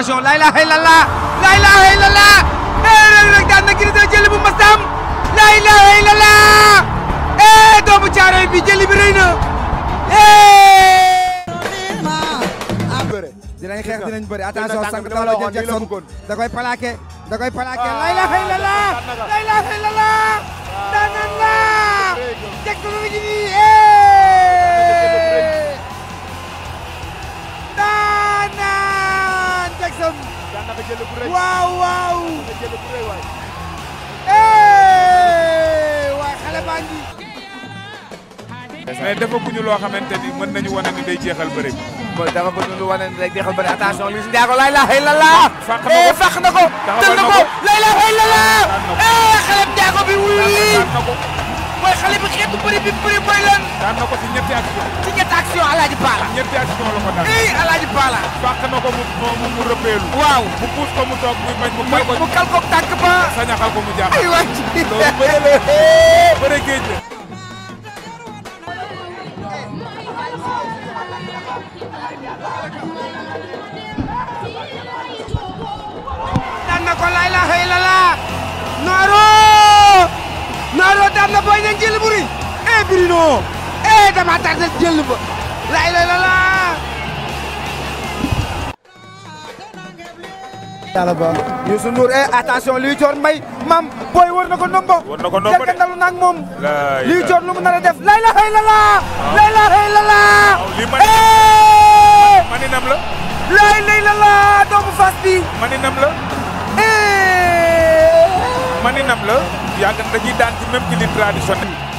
attention la ilaha illallah la ilaha illallah eh Reug Reug daan na Gris 2 jëli bu mas am la ilaha illallah eh doomu caaroy bi jëli bi rëy na dinañ xeex dinañ bëri attention sang dama la jël Jackson da koy plaqué da koy plaqué waaw waaw. waaye xale baa ngi. mais defaguñu loo xamante ni mën nañu wane ni day jeexal bëri. mooy dafa bëgg lu wane ni day jeexal bëri attention Liss Ndiago la ilaha illallah. fàq na ko eh, fàq eh, bi wuyu lii. xale bi xeetu bëri bi bëri mooy lan. daan na ko ci ñetti action. ci ñetti action Alaaji Paala. ñetti action na ko mu mu mu waaw mu puus ko mu toog muy bañ. mu kal ko mu kal ba. sañ ko mu jàpp. aywa ci la bëre ko laa ilaaha illallaah. Nooro. Nooro daan na booy na jël buri. eh Bruno. eh dama tardé jël ba. laa ilaaha illallaah. yàlla ba Youssou Ndour eh attention Liu Dior booy war na ko nombo war na ko nombo de ndalu nag moom Liu Dior lu mu nar a def la ilaha illallah la ilaha illallah eh maninam la la ilaha illallah doomu fas bi maninam la eh maninam la yàgg na dañuy daan ci même ci li traditionnel